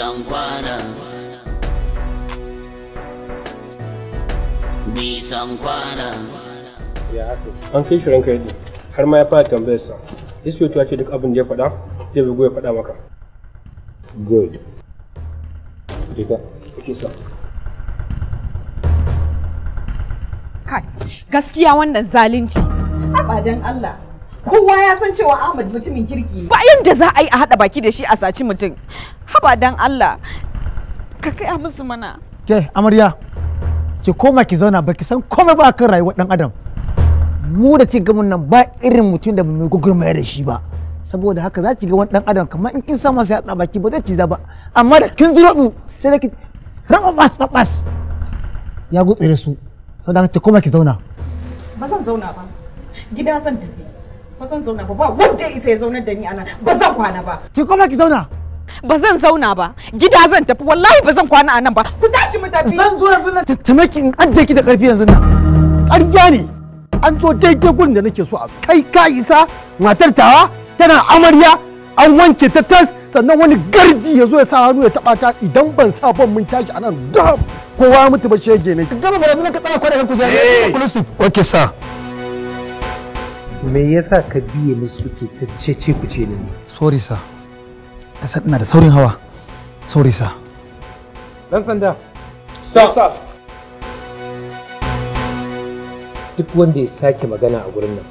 nisan kwana nisan kwana ya haka an kai shirin kai har ma ya fara tambayar sa ispeto ya ce duk abin da ya faɗa zai bugu ya faɗa maka good dika kike sa kai gaskiya wannan zalunci dan Allah kowa ya san cewa Ahmad mutumin kirki ba yanda za a yi a hada baki da shi a saci mutum haba dan Allah ka kai musu mana ke amarya ki koma ki zauna baki san komai ba kan rayuwar dan adam mu da ki gamin nan ba irin mutum da mai gugurmaya da shi ba saboda haka za ki ga wani dan adam kamar in kin sa masa yatsa baki ba zai ci ba amma da kin zuro sai da ki rama bas bas ya gutsure su saboda haka ki koma ki zauna ba zan zauna ba gida zan tafi ba zan zauna ba ba wanda ya isa ya zauna da ni anan ba zan kwana ba ki koma ki zauna ba zan zauna ba gida zan tafi wallahi ba zan kwana anan ba ku tashi mu tafi zan zo yanzu na tattame ki in ajje ki da karfi yanzu nan ƙarya ne an zo daidai gurin da nake so a kai ka isa matar tawa tana amarya an wanke ta tas sannan wani gardi ya zo ya sa hannu ya taɓa ta idan ban sa ban mun tashi anan dam kowa mutu ba shege ne gaba ba yanzu ka tsaya kwana kan ku da kulusuf eh. okay sa me yasa ka biye musu kuke ta cece ku ce ni sorry sa kasar ina da saurin hawa sorry sa dan sanda sa duk wanda ya sake magana a gurin nan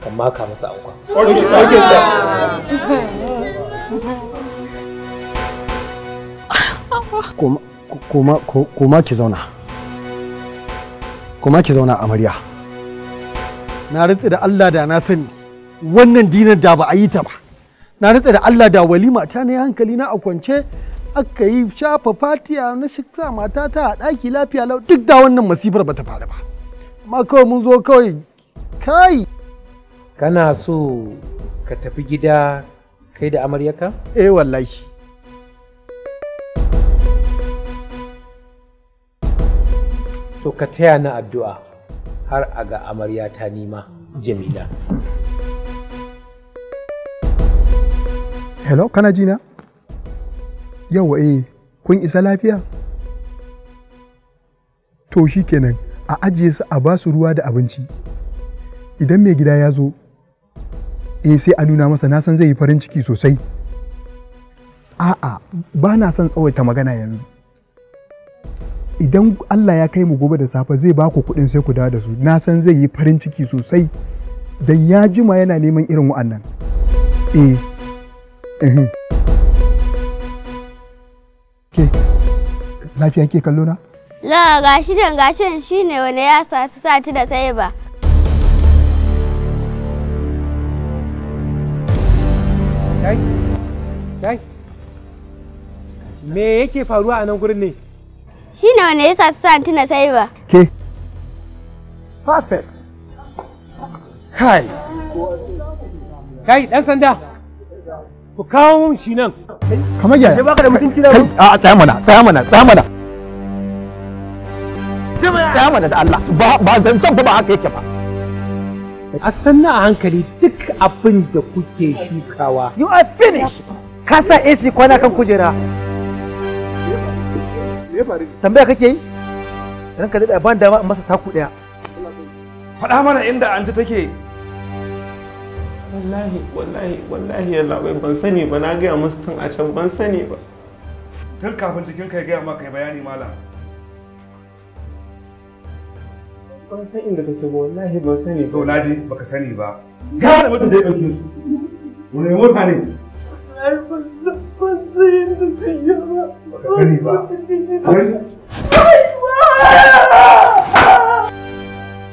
kan maka masa ankwa okay sa okay sa koma koma koma ki zauna koma ki zauna amarya na ritse da Allah da na sani wannan dinar da ba a yi ta ba na ritse da Allah da walima ta ne hankali na a kwance aka yi shafa fatiya na shiksa mata ta a ɗaki lafiya lau duk da wannan masifar ba ta faru ba amma kawai mun zo kawai kai kana so ka tafi gida kai da amaryaka eh wallahi so ka taya na addu'a har a ga amarya ta nima jamila hello kana jina yawa eh kun isa lafiya to shi kenan a ajiye su a ba su ruwa da abinci idan mai gida ya zo eh sai a nuna masa na san zai yi farin ciki sosai a'a ba na son tsawaita magana yanzu idan Allah ya kai mu gobe da safe zai ba ku kuɗin sai ku dawo da su na san zai yi farin ciki sosai dan ya jima yana neman irin wa'annan eh ke lafiya ke kallo na la gashi dan gashin shine wani ya sati sati da sai ba kai kai me yake faruwa a nan gurin ne Shi ne wane ya sa su sa tuna sai ba. Ke. Perfect. Kai. Kai ɗan sanda. Ku kawo mun shi nan. Kamar ya Sai baka da mutunci na. a tsaya mana, tsaya mana, tsaya mana. Tsaya mana da Allah. Ba ba zancen ba haka yake ba. A sannan a hankali duk abin da kuke shukawa. You are finished. Kasa AC kwana kan kujera. me faru tambaya kake yi ranka da ban dama in masa taku daya faɗa mana inda anti take wallahi wallahi wallahi ya labai ban sani ba na gaya musu tun a can ban sani ba tun kafin cikin kai gaya ma kai bayani malam ban san inda take ba wallahi ban sani ba to naji baka sani ba ga da mutum da ya dauke su wani mota ne baka sani ba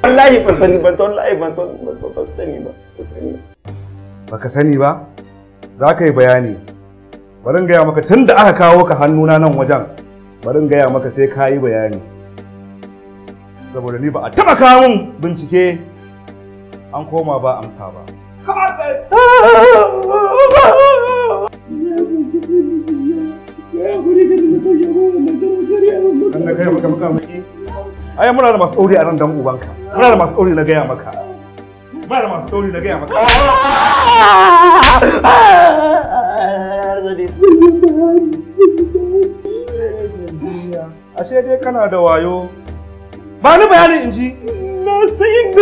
wallahi ban ba ka sani ba za ka yi bayani bari gaya maka tun da aka kawo ka hannuna nan wajen bari gaya maka sai ka yi bayani saboda ni ba a taɓa kawo bincike an koma ba amsa ba. Aya muna da masu a nan dan ubanka muna da masu na gaya maka muna da masu na gaya maka ashe dai kana da wayo ba ni bayanin inji na san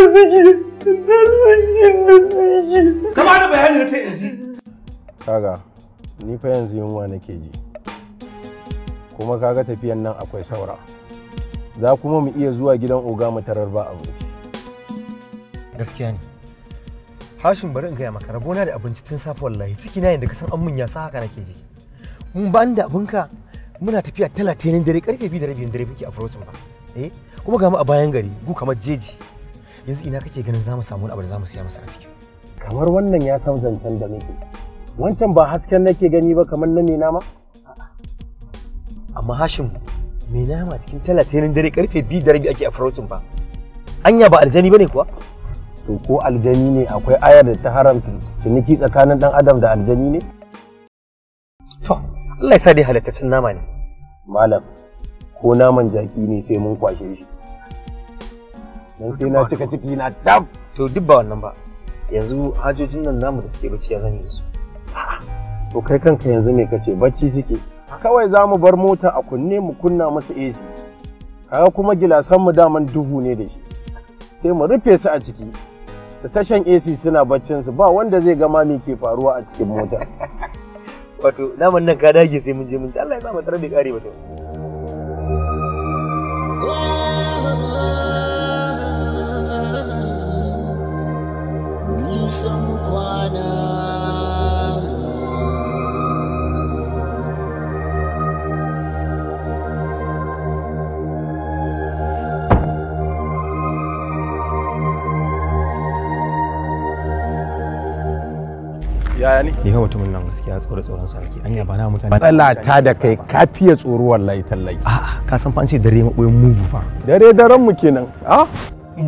inda na ta inji kaga ni fa yanzu yunwa nake ji kuma kaga tafiyan nan akwai saura za kuma mu iya zuwa gidan oga mu tarar ba abinci gaskiya ne hashin bari in gaya maka rabona da abinci tun safe wallahi ciki na yanda ka san mun ya sa haka nake ji mun ban da abinka muna tafiya ne dare karfe biyu da rabin dare muke a furotin ba eh kuma ga mu a bayan gari gu kamar jeji yanzu ina kake ganin za mu samu wani abu da za mu siya masa a ciki kamar wannan ya san zancen da muke wancan ba hasken nake gani ba kamar na mena ma amma hashin mai nama cikin talatin dare karfe biyu da rabi ake a farautin ba anya ba aljani ba ne kuwa to ko aljani ne akwai ayar da ta haramta ciniki tsakanin dan adam da aljani ne to Allah ya sa dai halittacin nama ne malam ko naman jaki ne sai mun kwashe shi dan sai na cika ciki na dab to duk ba wannan ba yanzu hajojin nan namu da suke bacci ya zani su to kai kanka yanzu me kace bacci suke kawai za mu bar mota a kunne mu kunna musu AC kaga kuma gilasan mu daman duhu ne da shi sai mu rufe su a ciki su tashan AC suna baccin su ba wanda zai gama me ke faruwa a cikin mota wato naman nan ka dage sai mun je mun ci Allah ya sa mu tarbe kare wato yaya ne ni fa mutumin nan gaskiya tsoro tsoron sarki anya ba na mutane matsala ta da kai ka fiye tsoro wallahi tallahi a'a ka san fa an ce dare maboyin mugu fa dare daren mu kenan a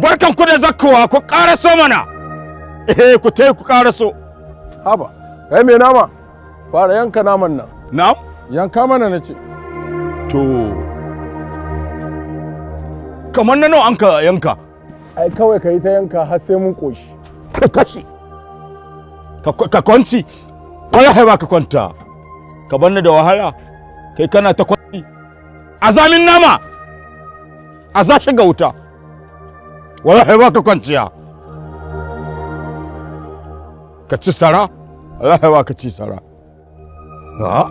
barkan ku da zakkawa ku karaso mana eh ku tai ku karaso haba kai me nama fara yanka naman nan na'am yanka mana nace to kamar na nawa an ka yanka ai kawai ka yi ta yanka har sai mun koshi ka ka kwanci kwaya haiba ka kwanta ka banna da wahala kai kana ta kwanci azamin nama a shi ga wuta wala haiba ka kwanciya ka ci sara wala haiba ka ci sara a'a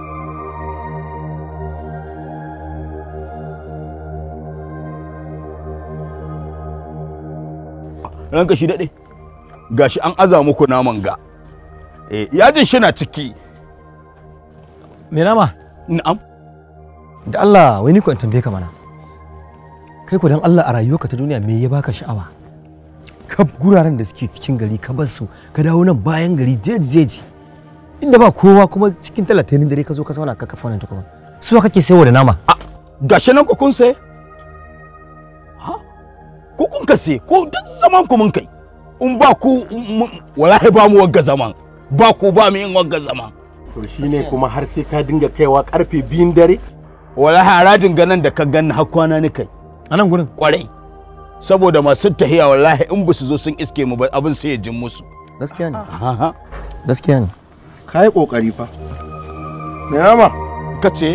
ranka shi daɗe gashi an aza muku naman ga eh yajin shi na ciki me na'am da Allah wai ni an tambaye ka mana kai ku dan Allah a rayuwarka ta duniya me ya baka sha'awa ka guraren da suke cikin gari ka bar su ka dawo nan bayan gari jeji jeji inda ba kowa kuma cikin talatin dare ka zo ka zauna ka kafa nan kuma suwa kake sayo da nama a gashi nan ku kun sai ha ku kun ka sai ko duk zaman ku mun kai in ba ku wallahi ba mu wagga zaman ba ku ba mu yin wanga zama to shine kuma har sai ka dinga kaiwa karfe biyun dare wala haradin ganan da ka ganni har kwana ni kai nan gurin kwarai saboda masu tahiya wallahi in ba su zo sun iske mu ba abin sai ya jin musu gaskiya ne gaskiya ne ka yi kokari fa me nama ka ce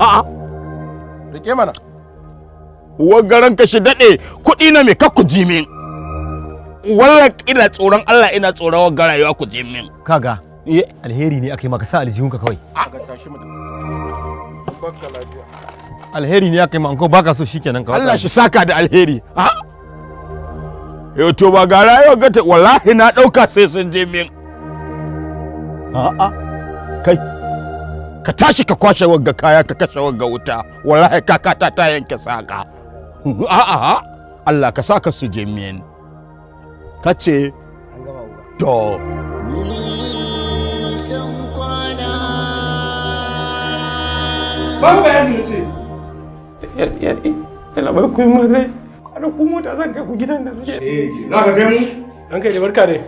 a'a rike mana uwar garan ka shi daɗe kuɗi na me kakku jimin wallan ina tsoron Allah ina tsoron wa rayuwa ku je min kaga alheri ne akai maka sa ka kawai kaga alheri ne akai maka baka so shikenan kawai Allah shi saka da alheri a yau to ba ga rayuwa gata wallahi na dauka sai sun je min a'a kai ka tashi ka kwashe wagga kaya ka kashe wagga wuta wallahi kakata ta yanke saka a'a Allah ka saka su je min ka ce to babu bayani na ce yana bai kuyi mun rai kwana ku mota zan kai ku gidan da suke za ka kai mu an kai da barka dai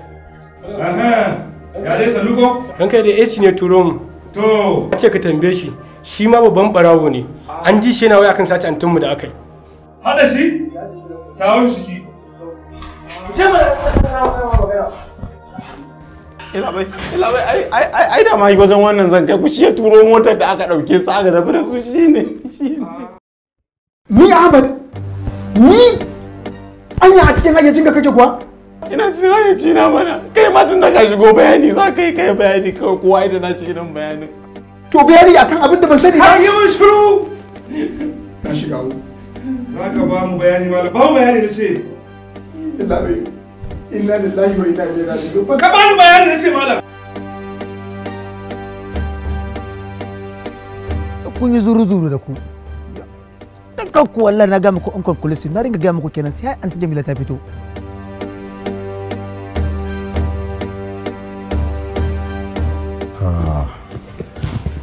ya dai sannu ko an kai da ac ne turo mu to ce ka tambaye shi shi ma babban barawo ne an ji shi na wai akan sace antunmu da aka yi hada shi sawun shi ai da ma yi wajen wannan zan kai shi ya turo motar da aka ɗauke su aka tafi da su shi ne ni ahmad ni an yi a cikin hayyacin da kake kuwa ina cikin hayyaci na mana kai ma tun da ka shigo bayani za ka yi kai bayani kawai kowa da nashi irin bayani. to bayani akan abin da ban sani ba yi shiru Na shiga za ka ba mu bayani ba ba mu bayani da ce illa bai inna lillahi wa inna ilaihi raji'un ka bani bayani ne ce malam kun yi zuru-zuru da ku dukkan ku wallah na ga muku onkon kulisi na ringa gama muku kenan sai an ta jamila ta fito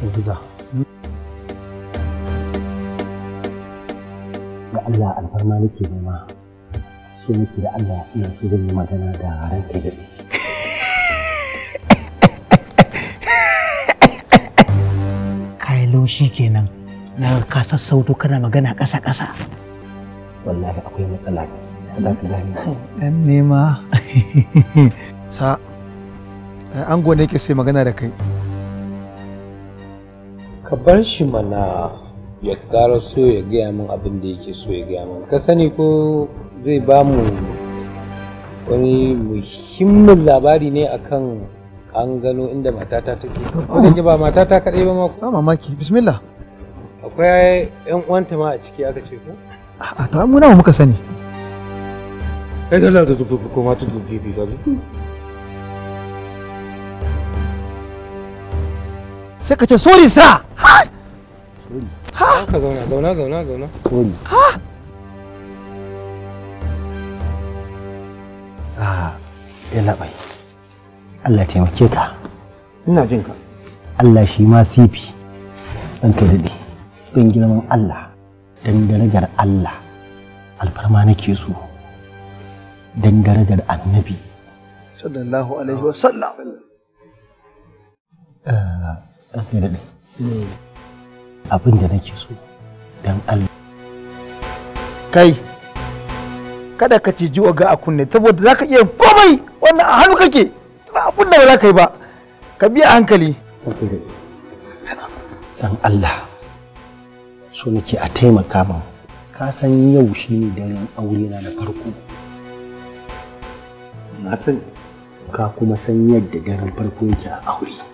Hafiza. Ah. Allah alfarma nake nema ce miki da Allah ina so zan yi magana da ranka da kai laushi kenan na ka sassauto kana magana ƙasa ƙasa wallahi akwai matsala za ka gani dan nema sa ango ne ke sai magana da kai ka bar shi mana ya ƙara so ya gaya min abin da yake so ya gaya min ka sani ko zai ba mu wani muhimmin labari ne akan an gano inda matata take ko da ba matata kaɗai ba ma ko ba mamaki bismillah akwai yan uwanta ma a ciki aka ce ko a to an nawa muka sani kai da da dubu ko ma tudu bi ba sai ka ce sorry sir ha ka ah, Allah taimake ka ina jin ka Allah shi ma sifi dan ka dade dan girman Allah dan darajar Allah alfarma nake so dan darajar annabi sallallahu alaihi wasallam eh ah, dan ka dade hmm. abin da nake so don Allah. Kai, kada ka ciji waga a kunne saboda za ka iya komai wannan a hannu kake ba abin da ba za ka yi ba ka biya hankali. Dan Allah, so nake a taimaka min ka san yau shi ne daren aure na na farko. Na sani. Ka kuma san yadda daren farko yake a aure.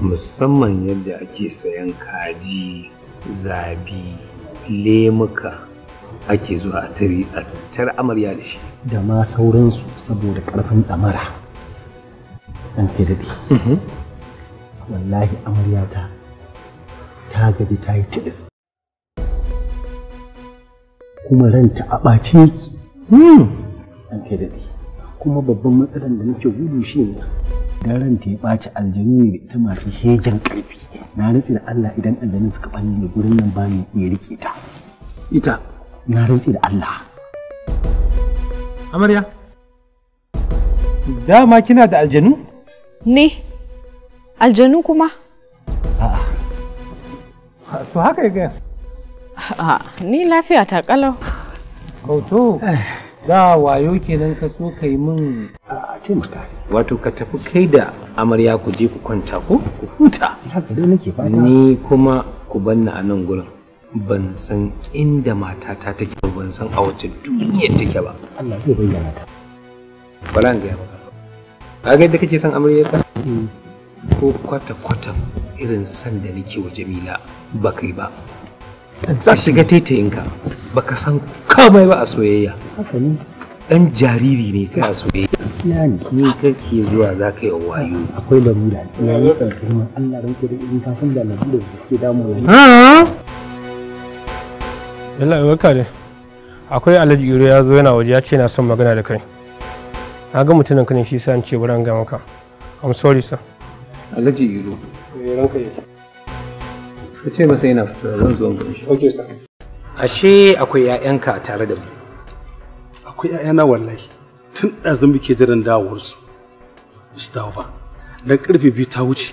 musamman yadda ake sayan kaji zabi lemuka ake zuwa a tari a tar amarya da shi da ma sauransu saboda karfin damara an ke daɗi mhm. wallahi amarya ta gaji ta yi tilis kuma ranta a ɓace yake hmm. an ke daɗi kuma babban matsalar da nake gudu shi ne idan ranta ya ɓaci aljanu ne da ita masu hegen ƙarfi na rantsi da Allah idan aljanu suka balle gurin nan bani iya rike ta ita na rantsi da Allah amarya dama kina da aljanu ne aljanu kuma a'a to haka ya gaya a'a ni lafiya ta kalau kauto da wayo kenan ka so ka yi min taimaka wato ka tafi kai da amarya ku je ku kwanta ko ku huta ni kuma ku banna a nan gurin ban san inda matata take ba ban san a wace duniyar take ba Allah zai bayyana ta Balan ga gaya ka ga yadda kake son amarya ka mm. ko kwata kwata irin san da nake wa Jamila ba kai ba ka shiga taitayinka baka san kamai ba a soyayya haka jariri ne kai a soyayya ni kake zuwa za ka yi wayo akwai larura ina yi tsarkin ma Allah ran ku da in ka san da larura da ke damu ha Allah ya waka ne akwai Alhaji Iro ya zo yana waje ya ce na son magana da kai na ga mutumin kanin shi sa an ce bari ga maka I'm sorry sir Alhaji Iro eh, ranka yake ka ce masa yana fita zan zo mu shi sir ashe akwai ƴaƴanka tare da mu akwai ƴaƴana wallahi tun ɗazu muke jiran dawowar su su dawo ba dan karfe biyu ta wuce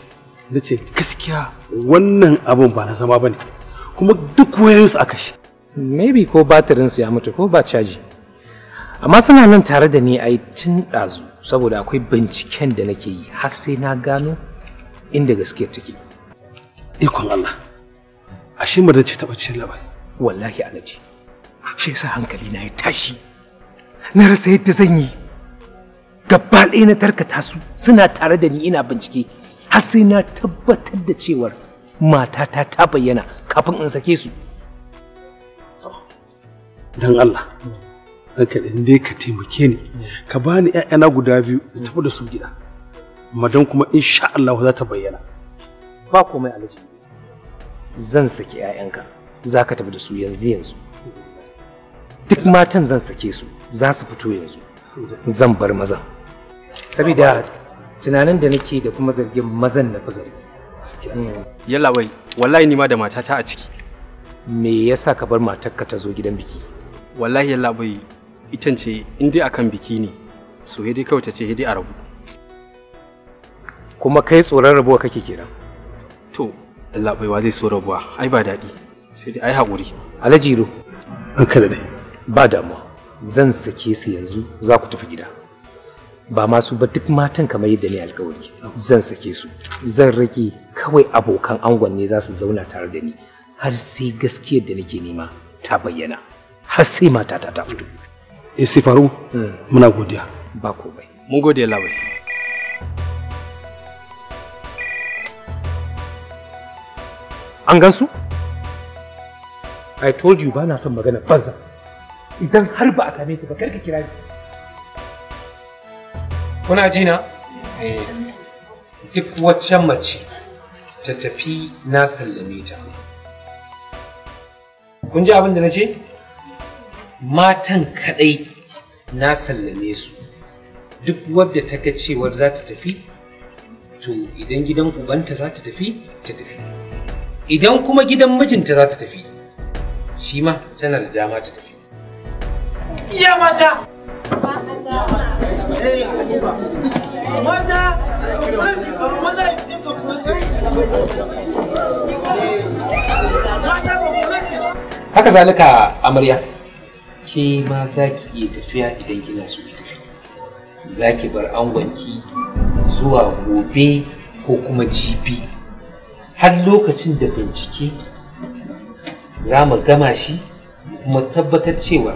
na ce gaskiya wannan abin ba na zama bane kuma duk su aka shi maybe ko su ya mutu ko ba caji amma suna nan tare da ni ai tun ɗazu saboda akwai binciken da nake yi har sai na gano inda gaskiyar take ikon Allah ashe madan ce taɓa cikin labari wallahi alaji shi yasa hankali na ya tashi na rasa yadda zan yi gaba ɗaya na tarkata su suna tare da ni ina bincike har sai na tabbatar da cewar matata ta bayyana kafin in sake su don Allah ranka dai ka taimake ni ka bani ƴaƴana guda biyu da tafi da su gida madan kuma insha Allah za ta bayyana ba komai alaji zan saki 'ya'yanka za ka tafi da su yanzu yanzu duk matan zan sake su za su fito yanzu zan bar mazan saboda tunanin da nake da kuma zargin mazan na fi zargi yalla wai wallahi ni ma da matata a ciki me yasa ka bar matarka ta zo gidan biki wallahi yalla bai itan ce in dai akan biki ne so dai kawai ta ce dai a rabu kuma kai tsoron rabuwa kake kenan Allah baiwa zai so rabuwa ai ba daɗi sai dai ai haƙuri alhaji ro an kada dai ba damuwa zan sake su yanzu za ku tafi gida ba masu ba duk matan kamar yadda ni alƙawari zan sake su zan rage kawai abokan angon ne za su zauna tare da ni har sai gaskiyar da nake nema ta bayyana har sai matata ta fito. E sai faru hmm. muna godiya. Ba komai. Mun gode labai. an gan su i told you ba na son magana banza idan har ba a same su ba karka kira ni kuna ji na eh, duk wacce mace ta tafi na sallame ta kun ji abin da na ce matan kadai na sallame su duk wadda ta ga cewar za ta tafi to idan gidan ubanta za ta tafi ta tafi idan kuma gidan mijinta za ta tafi shi ma tana da dama ta tafi iya mata mata Mata haka zalika amarya ke ma za ki iya tafiya idan kina so ki tafi za ki bar angonki zuwa gobe ko kuma jibi har lokacin da bincike za mu gama shi kuma tabbatar cewa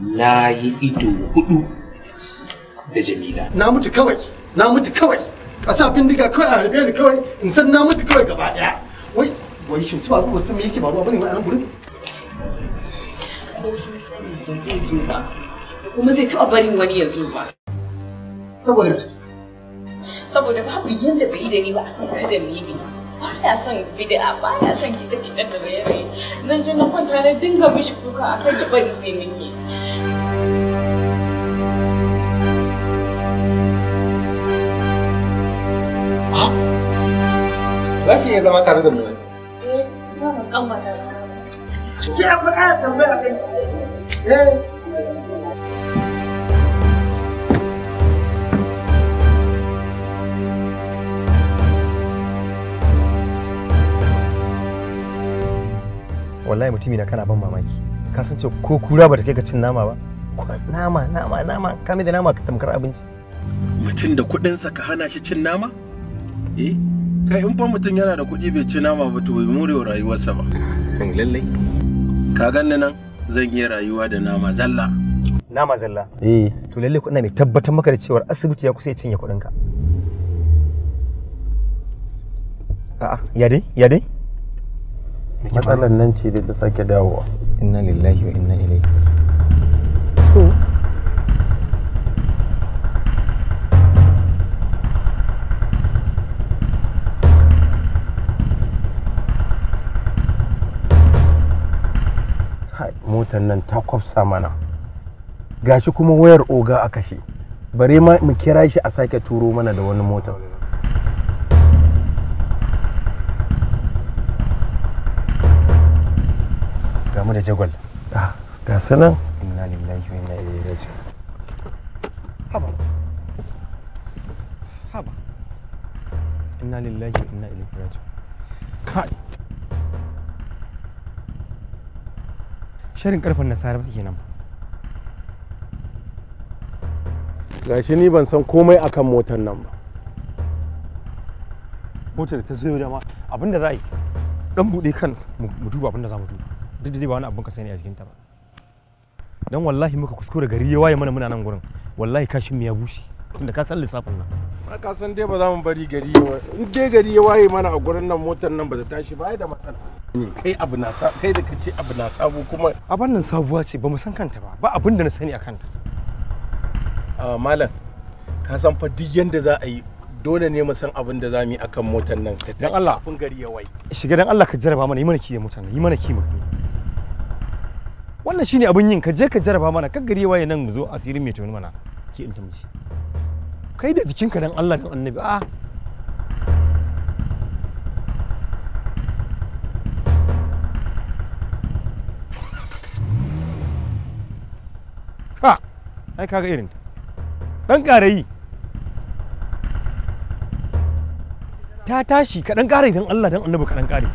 na yi ido hudu da jamila na mutu kawai na mutu kawai a sa bindiga kawai a harbe ni kawai in san na mutu kawai gaba daya wai wai shin su ba zuwa sun yake ba ruwa bane ma a nan gurin ko sun sani ba zai zo ba kuma zai taba barin wani ya zo ba saboda saboda babu yanda bai yi da ni ba akan kada mu yi baya son bid'a baya son kiɗa kiɗa da raye nan je na kwanta na dinga mishi kuka a kan bari sai mun yi za ki iya zama tare da mu Eh, ba mu tambaya kai. Eh. wallahi mutumi na kana ban mamaki ka san ce ko kura ba ta kai ka cin nama ba nama nama nama ka da nama ka tamkar abinci mutum da sa ka hana shi cin nama eh kai in fa mutum yana da kuɗi bai ci nama ba to bai more rayuwarsa ba lalle ka ganni nan zan iya rayuwa da nama zalla nama zalla eh to lalle kuɗina mai tabbatar maka da cewa asibiti ya kusa ya cinye kuɗinka a'a ya dai ya dai matsalar nan ce da ta sake dawowa inna lillahi wa inna ilaihi to motar nan ta kwafsa mana gashi kuma wayar oga a kashe bare ma mu kira shi a sake turo mana da wani motar ga mu da jagwal ah, ga sanan inna lillahi wa inna ilaihi raji'un haba haba inna lillahi wa inna ilaihi raji'un kai sharin karfin nasara ba kenan shi ni ban san komai akan motar nan ba motar ta zo da ma abinda za a yi dan bude kan mu duba abinda za mu duba duk da ba wani abun ka sani a jikinta ba dan wallahi muka kuskure gari ya waye mana muna nan gurin wallahi kashin mu ya bushe tunda ka san lissafin nan ba ka san dai ba za mu bari gari ya waye in dai gari ya waye mana a gurin nan motar nan ba ta tashi ba da matsala ne kai abu na sa kai da kace abu na sabo kuma a nan sabuwa ce ba mu san kanta ba ba abin da na sani a kanta a malam ka san fa duk yanda za a yi dole ne mu san abin da za mu yi akan motar nan dan Allah kun gari ya waye shiga dan Allah ka jarraba mana yi mana ki motar nan yi mana kiyaye wannan shine abin yin ka je ka jaraba mana kan gari waye nan mu zo asirin mai tuni mana ki in tamci kai da jikinka dan Allah dan annabi a ka ai kaga irin dan karayi ta tashi ka dan kare dan Allah dan annabi ka dan kare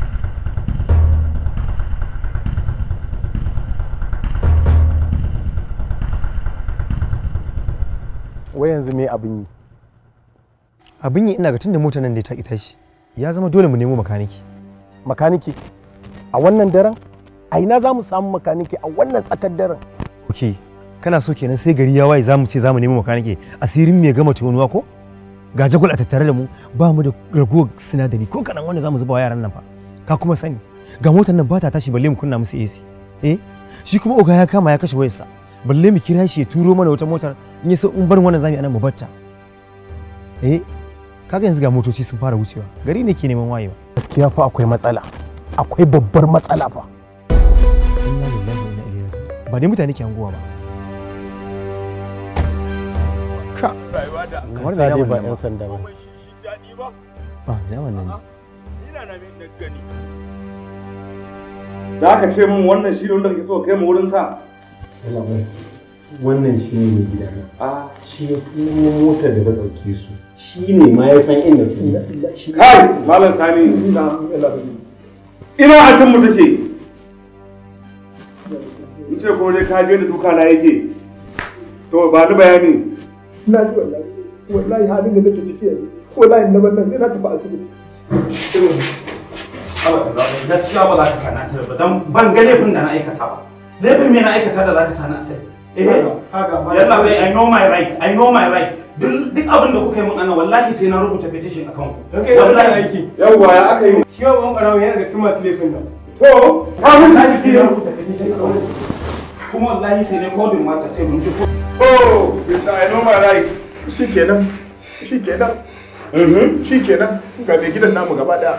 wai yanzu me abin yi abin yi ina ga tunda motar nan da ta ki shi ya zama dole mu nemo makaniki makaniki a wannan daren a ina za mu samu makaniki a wannan tsakar daren ok kana so kenan sai gari ya waye za mu ce za mu nemo makaniki asirin me gama tonuwa ko ga jagwal a tattare da mu ba mu da ragowar sinadari ko kaɗan wanda za mu zuba wa yaran nan fa ka kuma sani ga motar nan ba ta tashi balle mu kunna musu AC eh shi kuma oga ya kama ya kashe wayarsa balle mu kira shi ya turo mana wata motar in yi sun in bar wannan zamu anan mu batta eh kaga yanzu ga motoci sun fara wucewa gari ne ke neman wayewa gaskiya fa akwai matsala akwai babbar matsala fa ba dai mutane ke hanguwa ba ka da ba yan sanda ba ba ina na gani za ka ce min wannan shi ne wanda kake so kai mu wurin sa wannan shi ne mai gidana a shi ya tuno motar da ta ɗauke su shi ne ma ya san inda su kai malam sani ina a mu take in ce ko dai kaje da duka na yake to ba ni bayani na ji wallahi wallahi halin da nake ciki yanzu wallahi na wannan sai na tafi asibiti gaskiya ba za ka sana ba don ban ganin laifin da na aikata ba laifin me na aikata da zaka sani asali eh yalla bai i know my right i know my right duk abin da kuka yi mun ana wallahi sai na rubuta petition akan ku okay wallahi aiki yawwa ya aka yi shi wa ban karawo yana da cikin masu laifin nan to ta mun tashi sai na rubuta petition kuma wallahi sai ne kodin mata sai mun ji ko oh i know my right shikenan shikenan mhm. shikenan ga mai gidan namu gaba daya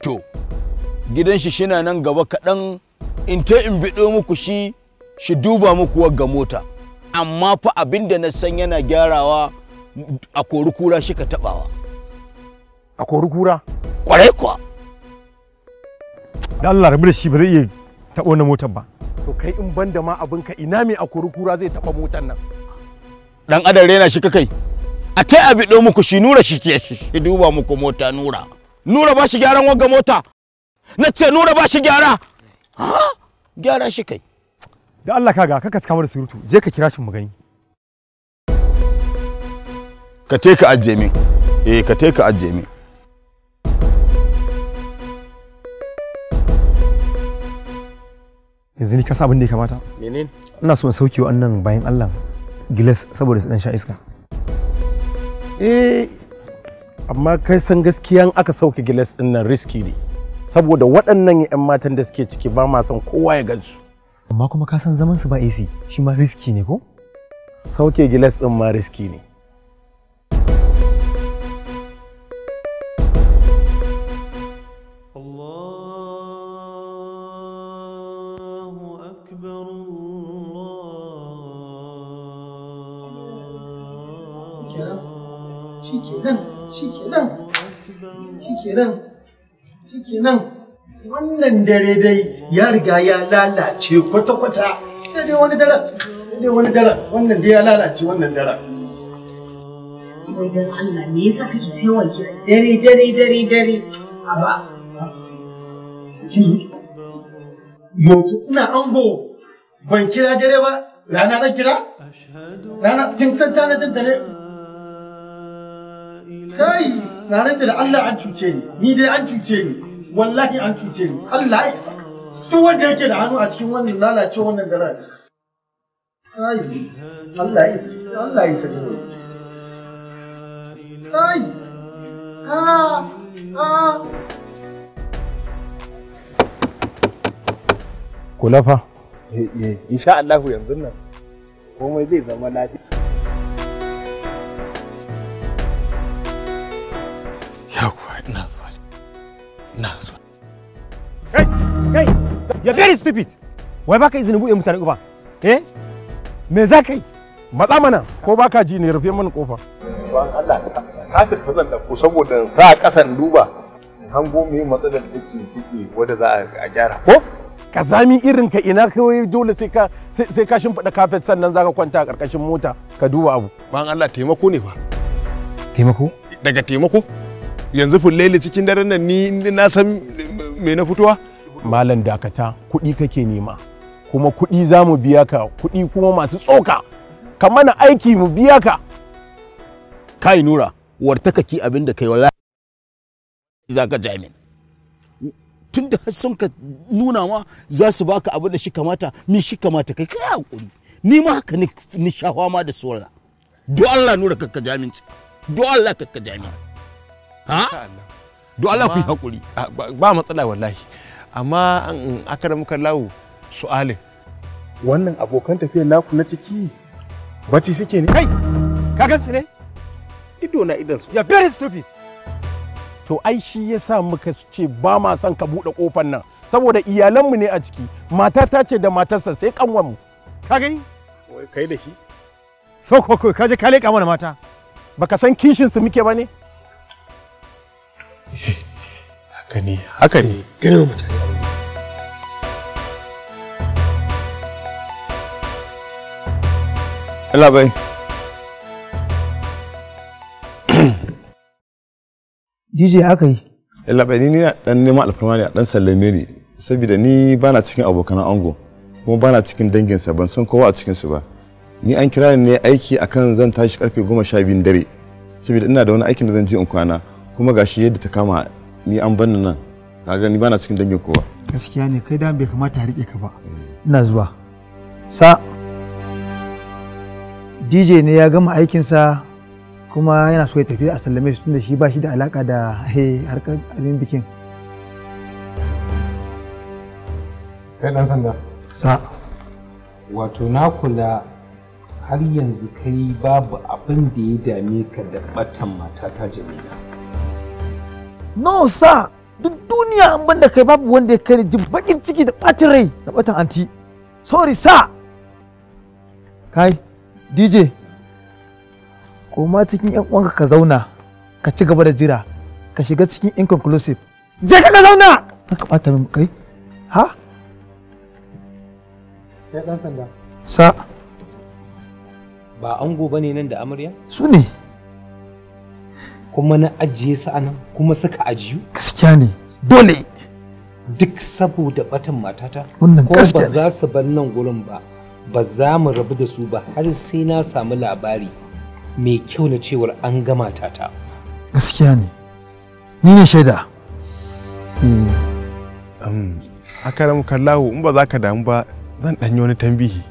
to gidan shi shina nan gaba kaɗan in ta in biɗo muku shi shi duba muku wagga mota amma fa abin da na san yana gyarawa a kori kura shi ka taɓawa a kori kura kwarai kuwa da Allah rabu da shi ba zai iya taɓa wannan motar ba to kai in ban da ma abin ka ina me a kori kura zai taɓa motar nan dan adam rena shi kakai a ta abi ɗo muku shi nura shi ke shi duba muku mota nura nura ba shi gyaran wagga mota na ce nura ba shi gyara gyara shi kai da Allah kaga ka kaska mana surutu je ka kira shi mu gani ka te ka ajje min eh ka te ka ajje min yanzu ni ka sa abin da ya kamata menene ina so in sauke annan bayan Allah gilas saboda su dan sha iska eh amma kai san gaskiya aka sauke gilas din nan riski ne saboda waɗannan 'yan matan da suke ciki ba ma son kowa ya gansu amma kuma ka san zaman su ba AC shi ma riski ne ko sauke gilas din ma riski ne Kenan, akbar shikenan shikenan wannan dare dai ya riga ya lalace kwata-kwata sai dai wani dare sai dai wani dare wannan dai ya lalace wannan dare wajen Allah me yasa kake ta yawan kira dare dare dare dare a ba yau ina ango ban kira dare ba rana na kira rana tin san ta da dare. kai na rantse da Allah an cuce ni ni dai an cuce ni wallahi an cuce ni Allah ya sa duk wanda yake da hannu a cikin wannan lalace wannan gara ai Allah ya isa Allah ya isa ai ah ah kula fa eh eh insha Allah yanzu nan komai zai zama lafiya ina zuwa ina zuwa kai kai ya very stupid wai baka izinin buɗe mutane uba eh me za ka yi matsa ko baka ji ne rufe mana kofa ban Allah ka tafi ko saboda sa kasan duba hango me matsalar take wanda a gyara ko ka zami irin ka ina kawai dole sai ka shimfiɗa kafet sannan zaka kwanta a ƙarƙashin mota ka duba abu ban Allah taimako ne ba. taimako daga taimako yanzu fulleli cikin daren nan ni na san me na fitowa malam dakata kuɗi kake nema kuma kuɗi za mu biya ka kuɗi kuma masu tsoka ka mana aiki mu biya ka kai nura wartaka ki abin da kai wallahi za ka jamin tun da sun ka nuna ma za su baka abin da shi kamata me shi kamata kai kai hakuri ni ma haka ni shawama ma da wallahi do Allah nura kakka jamin do Allah kakka jamin ha do Allah ku hakuri ah, ba matsala wallahi amma an akara muka lawo su'alin wannan abokan tafiyar naku na ciki Bati suke ne kai ka gansu ne ido na idan su ya very stupid to ai shi yasa muka ce ba ma son ka buɗe kofar nan saboda iyalanmu ne a ciki mata ta ce da matarsa sai kanwan mu ka gani kai da shi sauko ka je ka leka mana mata baka san kishin su muke ba ne haka ne haka ne ganin mutane bai DJ haka yi bai ni ne dan neman alfarma ne dan sallame ni saboda ni bana cikin abokan ango kuma bana cikin danginsa ban san kowa a cikinsu ba ni an kira ni ne aiki akan zan tashi karfe goma sha biyun dare saboda ina da wani aikin da zan je in kwana kuma gashi yadda ta kama ni an banna nan kaga ni bana cikin dangin kowa gaskiya ne kai da bai kamata a rike ka ba eh. ina zuwa sa DJ ne ya gama aikinsa kuma yana so ya tafi a sallame shi tunda shi ba shi da alaka da harkar abin bikin kai dan sanda sa wato na kula har yanzu kai babu abin da ya dame ka da batan matata jamila no sa duk duniya an banda kai babu wanda ya kai jin bakin ciki da ɓacin rai da ɓatan anti sorry sa kai dj koma cikin yan uwanka ka zauna ka ci gaba da jira ka shiga cikin inconclusive je ka ka zauna ka ɓata min kai ha ya ɗan sanda sa ba ango bane nan da amarya su ne kuma na ajiye su anan kuma suka ajiyu gaskiya ne dole duk saboda batan matata ko ba za su bar nan gurin ba ba za mu rabu da su ba har sai na samu labari mai kyau na cewar an ga matata gaskiya ne ni ne shaida eh. haka da kallahu in ba za ka damu ba zan ɗanyi wani tambihi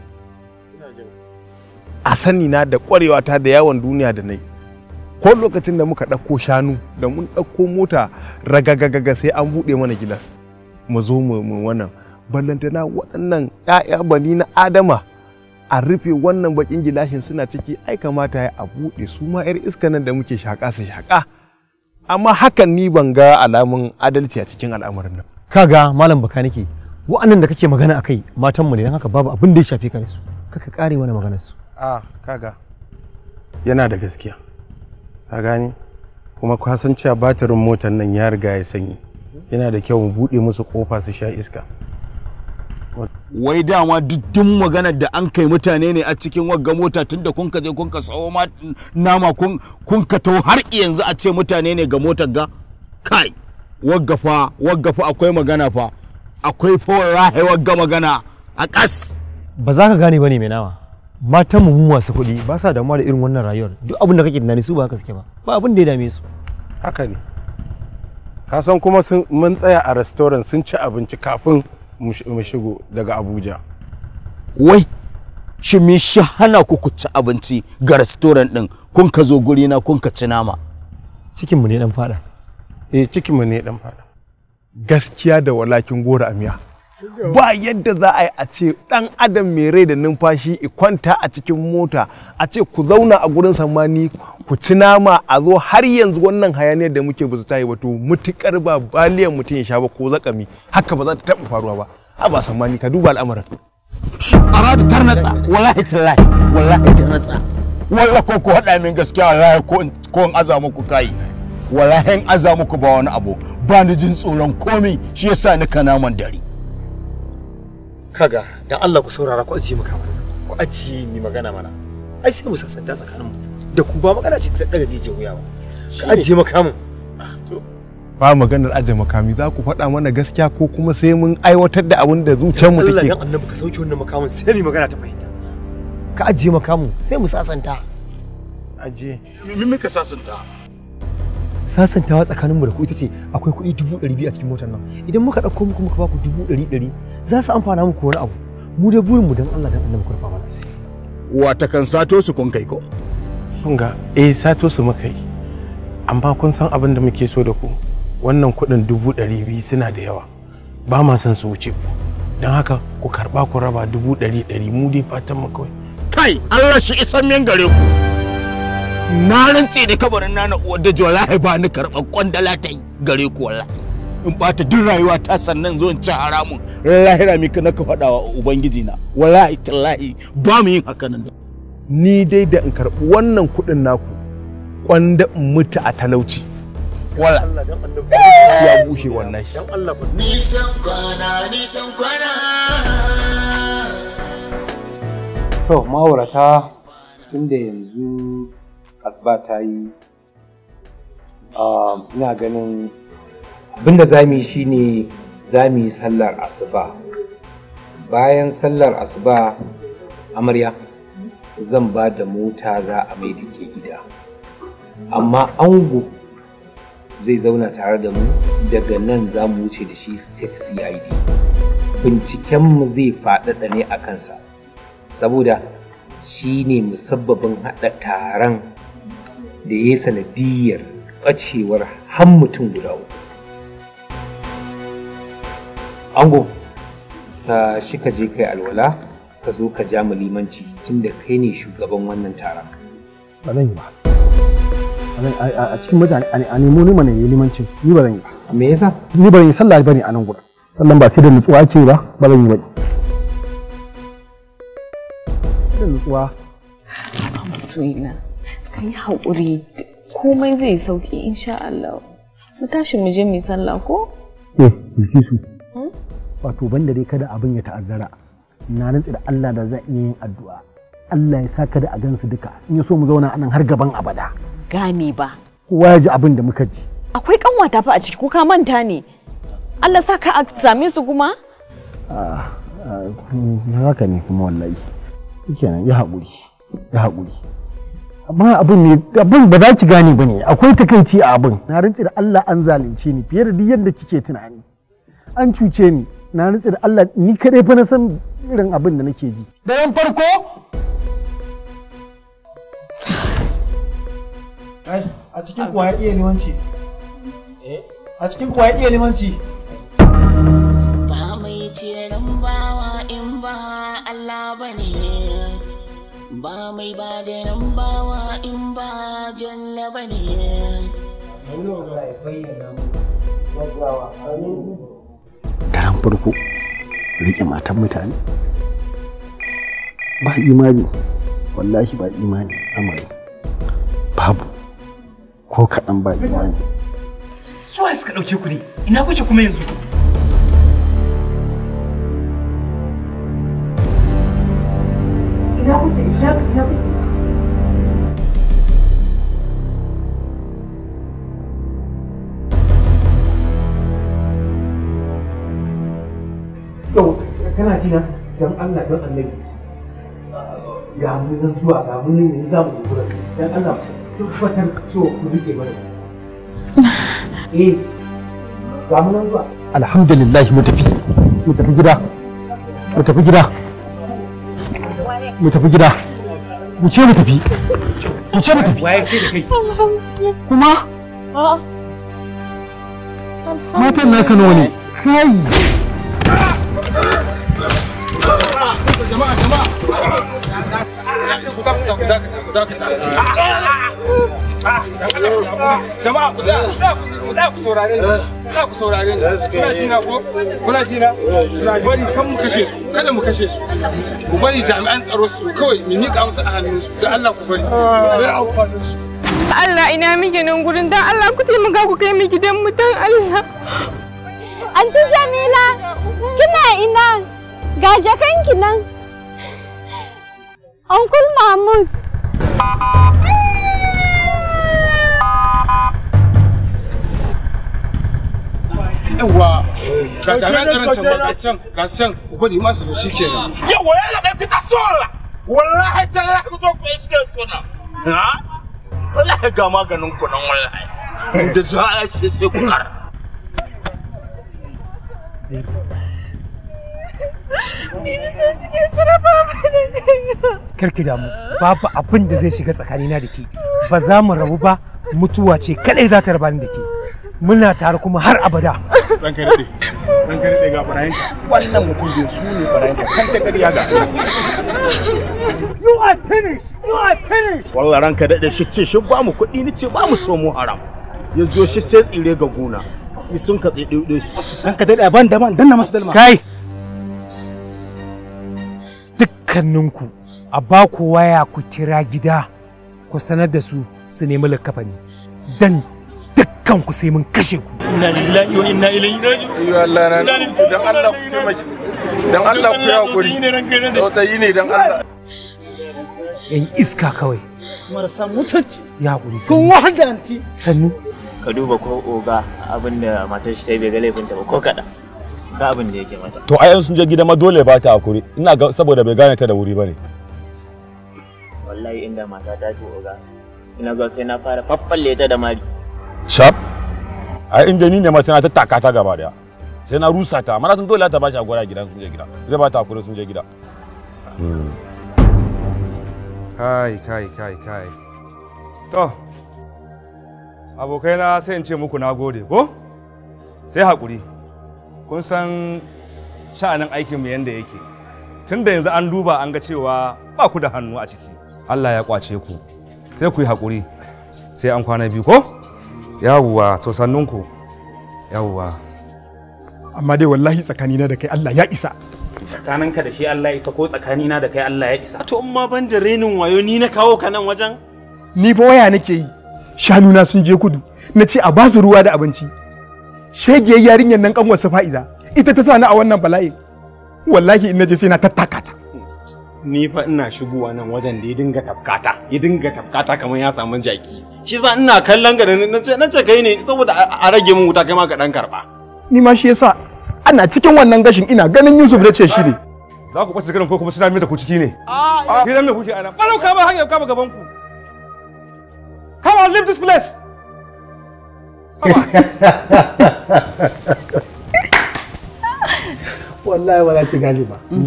a sani na da ƙwarewata ta da yawon duniya da nai ko lokacin da muka ɗauko shanu da mun ɗauko mota ragagagaga sai an buɗe mana gilas mu zo mu wannan ballantana waɗannan 'ya'ya bani na adama a rufe wannan bakin gilashin suna ciki ai kamata ya a buɗe su ma 'yar iska nan da muke shaƙa su shaƙa amma hakan ni ban ga alamun adalci a cikin al'amarin nan kaga malam baka nake wa'annan da kake magana akai matan mu ne dan haka babu abin da ya shafe ka su kaka kare wani maganar su a ah, kaga yana da gaskiya gani kuma ka san cewa batirin motar nan ya riga ya sanyi yana da kyau mu buɗe musu kofa su sha iska wai dama duddun maganar da an kai mutane ne a cikin wagga mota tun da kun ka je kun ka tsawo nama kun ka tau har yanzu a ce mutane ne ga motar ga kai wagga fa wagga fa akwai magana fa akwai fa rahe wagga magana a kas ba za ka gane bane mai nama matan mu masu kuɗi ba sa damuwa da irin wannan rayuwar duk abin da kake tunani su ba haka suke ba ba abin da ya dame su haka ne ka san kuma sun mun tsaya a restaurant sun ci abinci kafin mu shigo daga Abuja wai shi me shi hana ku ku ci abinci ga restaurant din kun ka zo guri na kun ka ci nama cikin mu ne dan fada eh cikin mu ne dan fada gaskiya da walakin gora amiya ba yadda za a yi a ce dan adam mai rai da numfashi i kwanta a cikin mota a ce ku zauna a gurin samani ku ci nama a zo har yanzu wannan hayaniyar da muke bazu yi wato mutukar ba baliyan mutum ya sha ba ko zakami haka ba za ta taba faruwa ba a ba samani ka duba al'amuran. aradu tarnatsa wallahi tallahi wallahi tarnatsa wallahi ko ku hada min gaskiya wallahi ko in aza muku kai wallahi in aza muku ba wani abu ba ni jin tsoron komai shi yasa ni kana man dare kaga da Allah ku saurara ku ajiye maka ku ajiye ni magana mana ai sai mu sasanta mu da ku ba magana ce ta daga jijiyar wuya ba ka ajiye makamin ah, ba maganar ajiye makami za ku faɗa mana gaskiya ko kuma sai mun aiwatar da abin da zuciyar mu take Allah annabi ka sauke wannan makamin sai mu magana ta fahimta ka ajiye mu sai mu sasanta ajiye me me ka sasanta sasantawa tsakaninmu da ku ita ce akwai kuɗi dubu ɗari biyu a cikin motar nan idan muka ɗauko muku muka baku dubu ɗari ɗari za su amfana muku wani abu mu dai burinmu don Allah don annabi kurfa mana asiri wata kan sato su kun kai ko kun ga eh sato su muka yi amma kun san abin da muke so da ku wannan kuɗin dubu ɗari biyu suna da yawa ba ma son su wuce ku don haka ku karɓa ku raba dubu ɗari ɗari mu dai fatan mu kawai kai Allah shi isan min gare ku na rantse da kabarin nana uwar da wallahi ba ni karɓar kwandala ta yi gare ku wallahi in bata duk rayuwa ta sannan zo in ci haramun lahira rami ka naka wa ubangiji na wallahi tallahi ba mu yin haka nan ni dai da in karɓi wannan kuɗin naku kwanda in mutu a talauci wala ya bushe wannan nisan kwana nisan kwana to ma'aurata tunda yanzu asba ta yi ah, ina ganin abinda za mu yi shine za mu yi sallar asuba bayan sallar asuba amarya zan ba da mota za a mai da ke gida amma ango zai zauna tare da mu daga nan za mu wuce da shi state cid mu zai faɗaɗa ne a kansa saboda shi ne musabbabin haɗa taron da ya yi sanadiyar ɓacewar har mutum guda uku ango ta shi ka je kai alwala ka zo ka ja mu limanci tunda kai ne shugaban wannan taron ba zan yi ba a cikin mutane a nemo ni mana yi limancin ni ba zan yi ba me yasa ni ba zan yi sallah ba ne a nan gurin sallan ba sai da nutsuwa ce ba ba zan yi ba da nutsuwa na. ka yi haƙuri komai zai sauki insha Allah mu tashi mu je mu sallah ko eh su hmm? wato banda dai kada abin ya ta'azzara na rantsi da Allah da zan iya yin addu'a Allah ya saka da a gansu duka in ya so mu zauna anan har gaban abada Gami ba kowa ya ji abin da muka ji akwai kanwata fa a ciki ko ka manta ne Allah sa ka a same su kuma ah, ah haka ne kuma wallahi kenan ya haƙuri ya haƙuri amma abin ne abin ba za ki gane ba ne akwai takaici a abin na rantsi da Allah an zalunce ni fiye da duk yadda kike tunani an cuce ni na rantsi da Allah ni kadai fa na san irin abin da nake ji da yan farko ai a cikin kuwa iya limanci eh? a cikin kuwa iya limanci ba mai ba da nan bawa in ba jalla ba ne daren farko riƙe matan mutane ba imani wallahi ba imani amari babu ko kaɗan ba imani suwa suka ɗauke ku ne ina kuke kuma yanzu dan Allah dan annabi ga mu zan zuwa ga mu ne yanzu za mu gura dan Allah tabbatar cewa ku rike mana eh ga mu nan zuwa alhamdulillah mu tafi mu tafi gida mu tafi gida mu tafi gida mu ce mu tafi mu ce mu tafi waye ce da kai kuma ah. matan na nawa ne kai jama'a jama'a ku ku ku ku ku ku ku kada mu kashe su ku bari jami'an tsaro su kawai mu mika musu a hannun su da Allah ku bari bai amfanin su Allah ina miki nan gurin dan Allah ku taimaka ku kai mu gidan mu dan Allah Anti Jamila kina ina Ga jakanki nan. Uncle Mahmud. Ewa, ga jami'an tsaron can ba can, ga can, ku gwada yi masu shi kenan. Yawwa, ya laɓe fita sola. Wallahi tallahi ku zo ku yi suke suna. Ha? Wallahi ga maganin ku nan wallahi. Da za a sai sai ku kar. Bibiso suke sarrafa mana daga. Karki damu, babu abin da zai shiga tsakanina da ke. Ba za mu rabu ba, mutuwa ce kadai za ta raba ni da ke. Muna tare kuma har abada. Ɗan kai daɗe, ɗan kai daɗe ga barayinka. Wannan mutum bai su ne barayinka, kan ta ƙarya ga You are finished! You are finished! Wallah ranka daɗe shi ce shi ba mu kuɗi ni ce ba mu so mu haram. Ya zo shi sai tsire ga gona. Ni sun ka tsaye ɗaiɗe su. Ranka daɗe ban da man danna masu dalma. Kai! dukkaninku a ba ku waya ku kira gida ku sanar da su su nemi likafani dan ku sai mun kashe ku inna lillahi wa inna ilaihi raji'un ayyo Allah na dan Allah ku taimake dan Allah ku ya guri yi ne dan Allah yan iska kawai marasa mutunci ya guri sun anti sannu ka duba ko oga abinda matar shi ta yi bai ga laifinta ba ko kaɗan ta abin da yake mata to ai sun je gida ma dole ba ta hakuri ina ga saboda bai gane ta da wuri bane wallahi inda mata ta ce oga ina zuwa sai na fara faffalle ta da mari shap ai inda ni ne ma sai na tattaka ta gaba daya sai na rusa ta Mara sun dole ta ba shi agwara gidan sun je gida zai ba ta hakuri sun je gida hmm. kai kai kai kai to abokaina sai in ce muku na gode ko sai hakuri. kun san sha'anin aikinmu yadda yake tun da yanzu an duba an ga cewa ba ku da hannu a ciki allah ya kwace ku sai ku yi haƙuri sai an kwana biyu ko yawuwa to sannunku yawuwa amma dai wallahi tsakanina da kai allah ya isa tsakaninka da shi allah ya isa ko tsakanina da kai allah ya isa to in ma ban da renin wayo ni na kawo ka nan wajen ni ba waya nake yi shanuna sun je kudu na ce a basu ruwa da abinci shege yarinyar nan kanwar fa'iza ita ta sani a wannan bala'in wallahi in naje sai na tattaka ta ni fa ina shigowa nan wajen da ya dinga tafkata ya dinga tafkata kamar ya samu jaki shi sa ina kallon ga nace nace kai ne saboda a rage mun wuta kai ma ka dan karba ni ma shi yasa ana cikin wannan gashin ina ganin Yusuf nace shi ne za ku kwace garin ko kuma suna mai da ku ciki ne a gidan mai kuke ana balauka ba hanyar ka ba gaban ku come on leave this place wallahi wala ki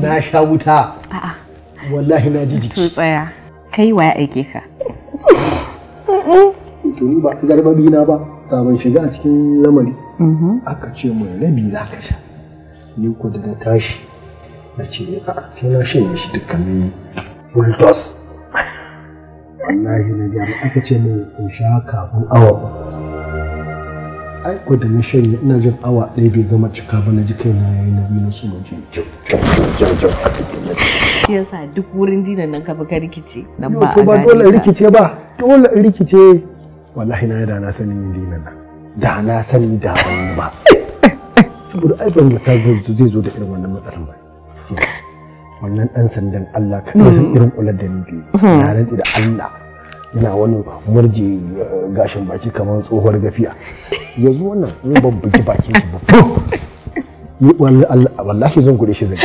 na sha wuta wallahi na ji jiki to tsaya kai wa aike ka to ni ba bi na ba sabon shiga a cikin lamari mhm. aka ce mai rabi za ka sha ni ko da na tashi na ce a sai na shanye shi dukkanin full dose wallahi na jami'a aka ce mai in sha kafin awa ai ko da na shanye ina jin awa ɗaya bai gama cika ba na ji kai na yayi nauyi na so maji shi yasa duk wurin dinan nan ka baka rikice nan ba a ba dole rikice ba dole rikice wallahi na da na sanin yin dinan nan da na sani da ban ba saboda ai ban ta zai zo da irin wannan matsalan ba wannan dan sandan Allah ka san hmm. irin kular da ni biyu hmm. na rantsi da Allah yana wani murji, eh, gashin baki kamar tsohuwar gafiya yanzu wannan ne ban bugi bakin shi ba wallahi zan gure shi zai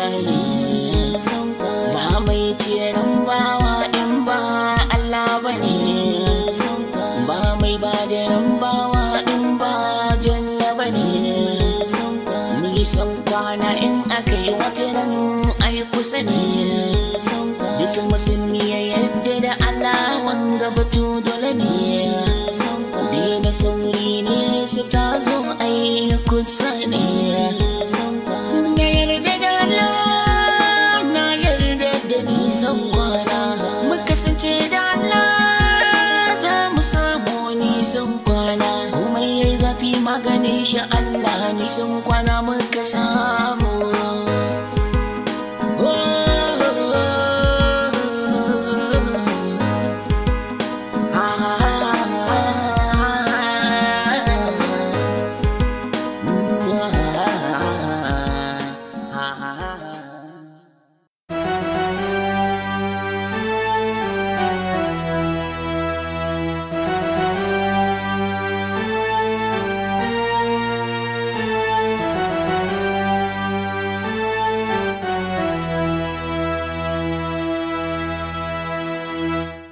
hali ba mai ciran ba